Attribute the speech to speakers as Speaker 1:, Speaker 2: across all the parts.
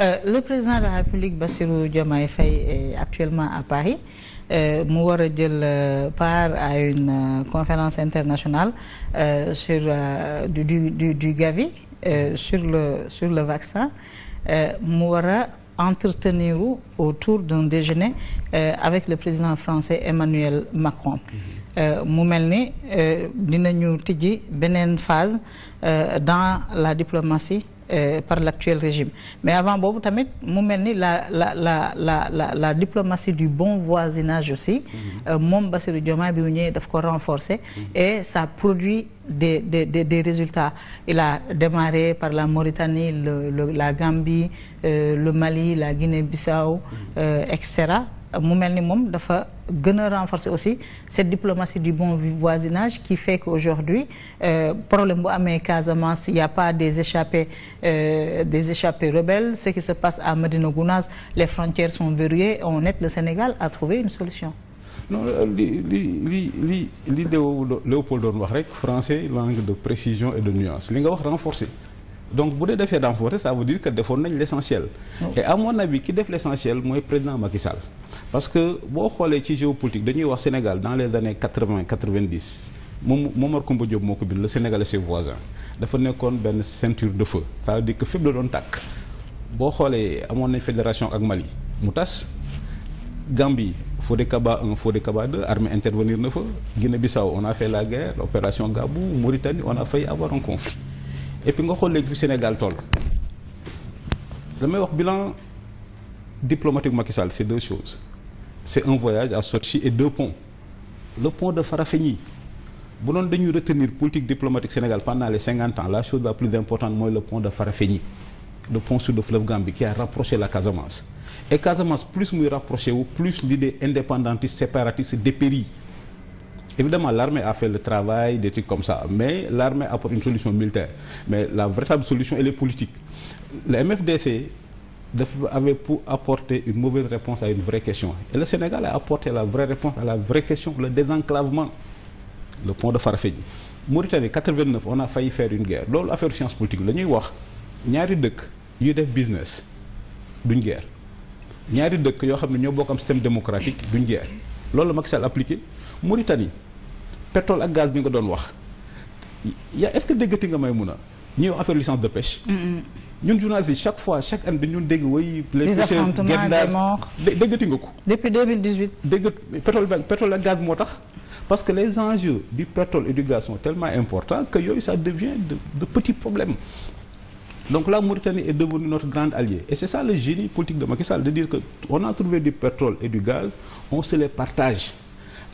Speaker 1: Euh, le président de la République Bassirou Diomaye Faye est actuellement à Paris euh, mu war a jël euh, part à une euh, conférence internationale sur du du du Gavi sur le sur le vaccin mu war a entretenir autour d'un déjeuner avec le président français Emmanuel Macron. Mm-hmm. mu mel ni dinañu tiji beneen phase dans la diplomatie. Euh, par l'actuel régime mais avant boobu tamit mu mel ni la la la la la la diplomatie du bon voisinage aussi mhm. euh, moom Bassirou Diomaye bi mu ñëwee daf ko renforcer mhm. et sa produit des des des des résultats il a démarré par la Mauritanie le, le la Gambie euh, le Mali la Guinée-Bissau mhm. euh, et cetera mu mel ni moom dafa gën a renforcer aussi cette diplomatie du bon voisinage qui fait qu'aujourd'hui euh, problème bu amee Casamance si a pas des échappés euh, des échappés rebelles ce qui se passe à Médina Gounass les frontières sont verrouillées on aide le Sénégal a trouver une solution
Speaker 2: non euh, li li li li doon wax rek français langue de précision et de nuance li nga wax renforcer donc bu dee defee renforcer ça veut dire que defoon nañ l' essentiel et à mon avis ki def l' essentiel mooy président Macky Sall parce que boo xoolee ci géopolitique dañuy wax Sénégal dans les années quatre vingt quatre vingt dix moom Momar Kumba Diop moo ko bind le Sénégal et ses voisins dafa nekkoon benn ceinture de feu c'est-à-dire que la doon tàkk boo xoolee amoon nañ fédération ak Mali mu tas Gambie Fodé Kaba 1 Fodé Kaba 2 armée intervenir na fa Guinée-Bissau on a fait la guerre opération Gabou Mauritanie on a failli avoir un conflit et puis nga xool léegi fi Sénégal toll damay wax diplomatique Macky Sall c'est deux choses c'est un voyage à Sotchi et deux ponts le pont de Farafenni bu doon dañuy retenir politique diplomatique Sénégal pendant les cinquante ans la chose la plus importante mooy le pont de Farafenni le pont sur le fleuve Gambie qui a rapproché la Casamance et Casamance plus muy rapproché wu plus l'idée indépendantiste séparatiste dépérit évidemment l'armée a fait le travail des trucs comme ça mais l'armée apporte une solution militaire mais la véritable solution elle est dafa avait pour apporter une mauvaise réponse à une vraie question et le Sénégal a apporté la vraie réponse à la vraie question le désenclavement le pont de Farafenni Mauritanie 89 on a failli faire une guerre loolu affaire science politique la ñuy wax ñaari dëkk yuy def business duñ guerre ñaari dëkk yoo xam ne ñoo bokk am système démocratique duñ guerre loolu Macky Sall appliqué Mauritanie pétrole ak gaz bi nga doon wax yaa est-ce nga may mun a ñu wax affaire licence de pêche. ñun journaliste chaque fois chaque année dañu dégg way les pêcheurs gendarmes déggati nga ko. depuis 2018. dégg pétrole ba pétrole ak moo tax. parce que les enjeux du pétrole et du gaz tellement importants que yooyu ça devient de, de petits problèmes donc la Mauritanie est devenue notre grande alliée et c'est ça le génie politique de Macky Sall de dire que on a du pétrole et du gaz on se les partage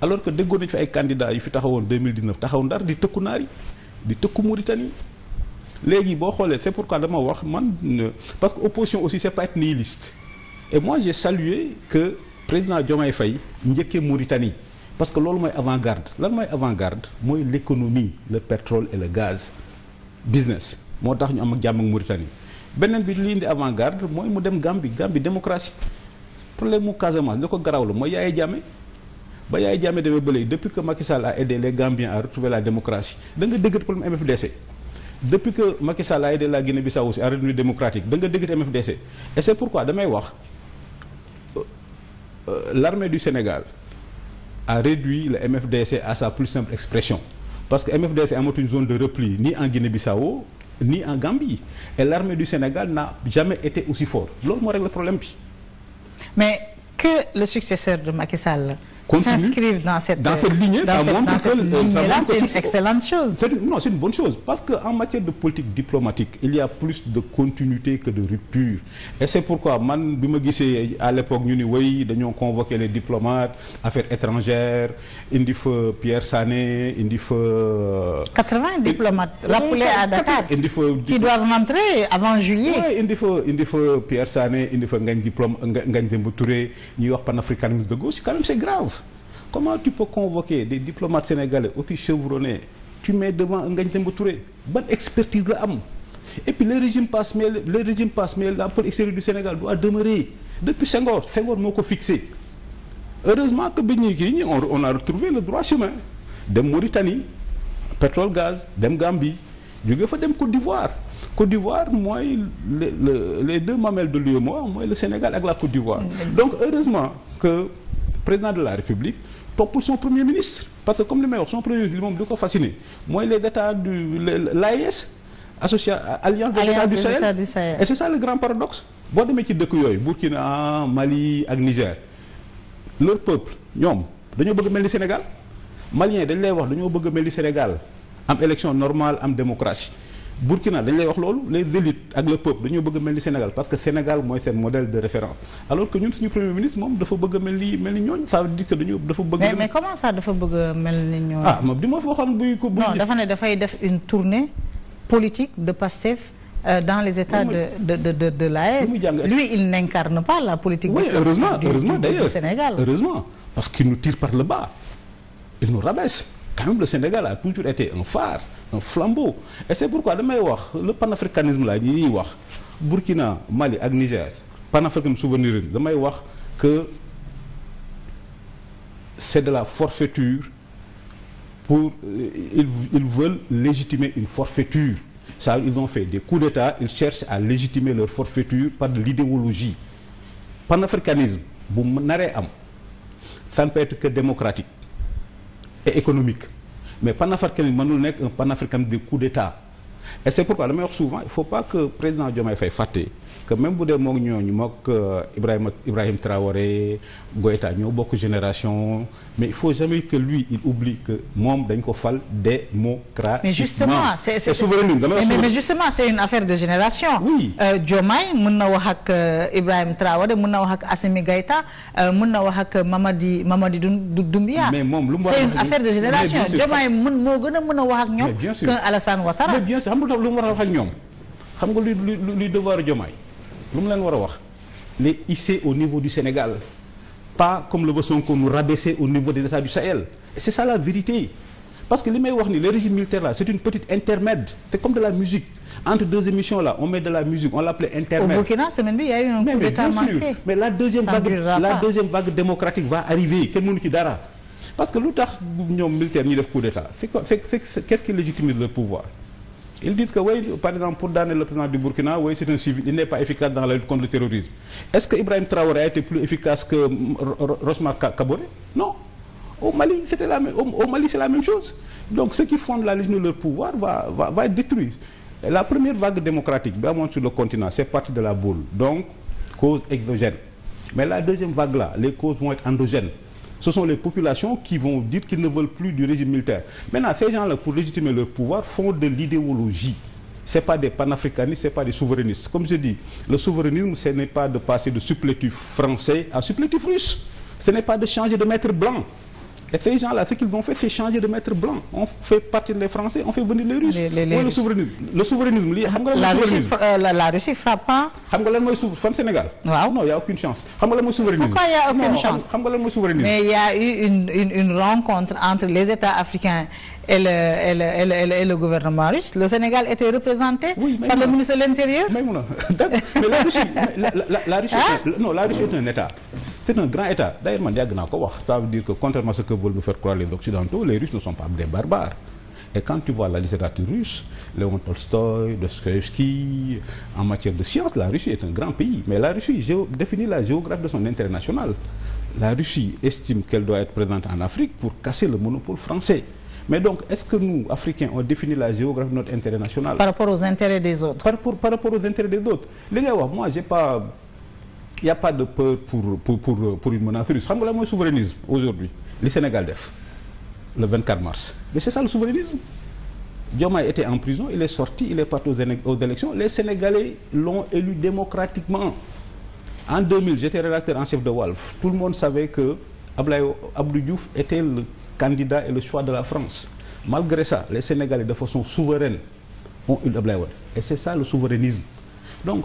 Speaker 2: alors que déggoon nañu fi ay candidats yu fi taxawoon 2019 taxaw Ndar di tëkku naar léegi boo xoolee c'est pourquoi dama wax man parce que opposition aussi c'est pas être nihiliste et moi j'ai salué que président Diomaye Faye njëkkee Mauritanie parce que loolu mooy avant-garde lan mooy avant-garde mooy l'économie le pétrole et le gaz business moo tax ñu am ak jàmm ak Mauritanie beneen bi li indi avant-garde mooy mu dem Gambie Gambie démocratie problème mu Casamance li ko garawlu mooy Yaya Jammeh ba Yaya Jammeh demee ba léegi depuis que Macky Sall a aidé les Gambiens à retrouver la démocratie da nga depuis que Macky Sall a aidé la Guinée-Bissau aussi en République démocratique da nga MFDC et c'est pourquoi damay wax euh, euh, l'armée du Sénégal a réduit le MFDC à sa plus simple expression parce que MFDC amatuñu zone de repli ni en Guinée-Bissau ni en Gambie yi l'armée du Sénégal n'a jamais été aussi forte
Speaker 1: loolu moo rek problème bi mais que le successeur de Macky la s'inscrivent dans cette dans cette lignée dans cette, dans cette lignée là c'est une excellente chose c'est non une
Speaker 2: bonne chose parce que en matière de politique diplomatique il y a plus de continuité que de rupture et c'est pourquoi man bi ma gisee à l'époque ñu ni way dañoo convoqué les diplomates affaires étrangères indi fa Pierre Sané indi fa
Speaker 1: 80 diplomates rappelés à Dakar
Speaker 2: indi fa qui doivent
Speaker 1: rentrer avant indi
Speaker 2: fa indi fa Pierre Sané indi fa Ngagne Diplôme Ngagne Demba Touré ñuy wax panafricanisme de gauche quand même comment tu peux convoquer des diplomates sénégalais aussi chevronnés tu mets devant Ngagne Demba Touré ban expertise la am et puis le régime passe mais le régime passe mais la peur extérieure du Sénégal doit demeurer depuis Senghor Senghor moo ko fixé heureusement que bi ñuy kii on a retrouvé le droit chemin dem Mauritanie pétrole gaz dem Gambie jóge fa dem Côte d'Ivoire Côte d'Ivoire mooy le, le les deux mamelles de l'UEMOA mooy le Sénégal ak la Côte d'Ivoire mm-hmm. donc heureusement que président de la République toppul son premier ministre parce que comme li may wax son premier ministre moom li ko fasciné mooy les états du l'AES association alliance des états du Sahel du Sahel et c'est ça le grand paradoxe boo demee ci dëkk yooyu Burkina Mali ak Niger leur peuple ñoom dañoo bëgg mel ni Sénégal malien dañ lay wax dañoo bëgg mel ni Sénégal am élection normale am démocratie Burkina dañ lay wax loolu les élites ak le peuple dañoo bëgg mel ni Sénégal parce que Sénégal mooy seen modèle de référence alors que ñun suñu premier ministre moom dafa bëgg a mel ni mel ni ñooñu ça veut dire que dañu dafa bëgg. mais mais
Speaker 1: comment a mel ni ñooñu. ah moom di ma fa waxoon buy ko. dafay def une tournée politique de Pastef. Euh, dans les états oui, de de de de l'AES. lui il n'incarne pas la politique. Oui, de heureusement heureusement
Speaker 2: parce qu'il nous tire par le bas il nous rabaisse quand même le Sénégal a toujours été un phare. un flambeau et c'est pourquoi damay wax le panafricanisme la ñuy wax Burkina Mali ak Niger panafricanisme souverainisme damay wax que c'est de la forfaiture pour euh, ils ils veulent légitimer une forfaiture ça ils ont fait des coups d'État ils cherchent à légitimer leur forfaiture par de l'idéologie panafricanisme bu naree am ça ne peut être que démocratique et économique mais panafricanisme mënul nekk un panafricanisme des coups d'état et c'est pourquoi damay wax souvent il faut pas que président Diomaye Faye fàtte que même bu dee mook ñooñu mook euh, Ibrahima Ibrahim Traoré Goïta ñoo bokk génération mais il faut jamais que lui il oublie que moom dañ ko fal démocratiquement. mais justement c'est c'est mais mais
Speaker 1: justement c'est une affaire de génération. oui euh, Diomaye mën na wax ak euh, Ibrahim Traoré mën na wax ak Assimi Goïta mën na wax ak Mamadi Mamadi Doumbia. mais moom lu mu wax c'est une affaire de génération Diomaye mën moo gën a mën a wax ak ñoom. que
Speaker 2: Alassane Ouattara mais bien sûr lu mu war a wax ak ñoom xam nga luy luy devoir Diomaye. lu mu leen war a wax les hisser au niveau du Sénégal pas comme le veut Sonko nous rabaisser au niveau des États du Sahel et c'est ça la vérité parce que li may wax ni le régime militaire là c'est une petite intermède c'est comme de la musique entre deux émissions là on met de la musique on l'appelait intermède au
Speaker 1: Burkina semaine bi a eu un coup d'état manqué mais la deuxième vague
Speaker 2: démocratique va arriver kenn mënu dara parce que lu tax ñoom militaire ñi def coup d'état c'est quest ils disent que oui par exemple pour daaneel le président du Burkina il n'est pas efficace dans la lutte contre le terrorisme est-ce que Ibrahim Traoré a été plus efficace que Rosmar Kaboré non au Mali c'était la même au Mali c'est la même chose donc ceux qui fondent la liste de leur pouvoir va être détruit la première vague démocratique bi sur le continent c'est parti de la boule donc cause exogène mais la deuxième vague là les causes vont être endogènes ce sont les populations qui vont dire qu'ils ne veulent plus du régime militaire. Maintenant, ces gens-là, pour légitimer leur pouvoir, font de l'idéologie. Ce n'est pas des panafricanistes, ce n'est pas des souverainistes. Comme je dis, le souverainisme, ce n'est pas de passer de supplétif français à supplétif russe. Ce n'est pas de changer de maître blanc. Et ces gens-là, ce qu'ils ont fait, c'est changer de maître blanc. On fait partir les Français, on fait venir le souverainisme. Le souverainisme. la, Russie, euh, la, la Sénégal. Non, il a aucune chance. Xam nga lan mooy souverainisme. Pourquoi il a aucune chance? Xam nga lan mooy Mais
Speaker 1: il y a eu une, une, une rencontre entre les États africains et le, et le, et le, et le, et le gouvernement russe. Le Sénégal était représenté par le ministre de l'Intérieur. Mais
Speaker 2: la Russie est un État. c'est un grand état d'ailleurs man yàgg ko wax ça contrairement ce que veulent nous faire croire les occidentaux les russes ne sont pas des barbares et quand tu vois la littérature russe Léon Tolstoï Dostoïevski en matière de science la Russie est un grand pays mais la Russie géo la géographie de son intérêt national la Russie estime qu'elle doit être présente en Afrique pour casser le monopole français mais donc est-ce que nous Africains y a pas de peur pour pour pour pour une menace russe la mooy souverainisme aujourd'hui li Sénégal def le 24 mars mais c'est ça le souverainisme Diomaye était en prison il est sorti il est parti aux élections les Sénégalais l'ont élu démocratiquement en 2000 j'étais rédacteur en chef de Walf tout le monde savait que Ablaye Abdou Diouf était le candidat et le choix de la France malgré ça les Sénégalais de façon souveraine ont eu Ablaye Wade et c'est ça le souverainisme donc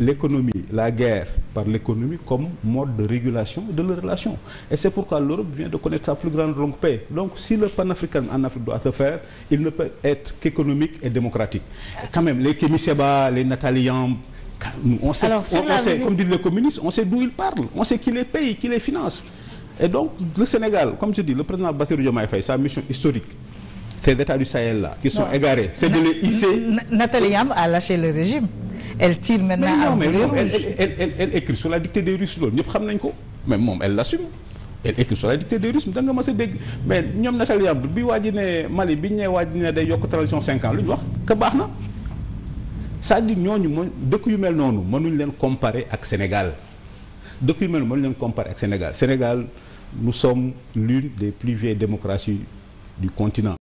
Speaker 2: l'économie, la guerre par l'économie comme mode de régulation de leurs relations. Et c'est pourquoi l'Europe vient de connaître sa plus grande longue paix. Donc si le panafricanisme en Afrique doit se faire, il ne peut être qu'économique et démocratique. quand même, les Kémy les Nathalie Yamb, on sait, comme disent les communistes, on sait d'où ils parlent, on sait qui les paye, qui les finance. Et donc, le Sénégal, comme je dis, le président Bassirou Diomaye Faye, sa mission a
Speaker 1: elle tire maintenant. mais non mais moom elle
Speaker 2: elle elle écrit sur la dictée des Russes loolu ñëpp xam nañ ko mais moom elle l'assume elle écrit sur la dictée des Russes da nga mës a dégg mais ñoom Nathalie Abdou bi waa ji ne Mali bi ñu nee waa ji ne day yokk transition cinq ans lu ñu wax que baax na c'est-à-dire ñooñu mooy dëkk yu mel noonu mënuñ leen comparer ak Sénégal dëkk yu mel noonu mënuñ leen comparer ak Sénégal Sénégal nous sommes l'une des plus vieilles démocraties du continent.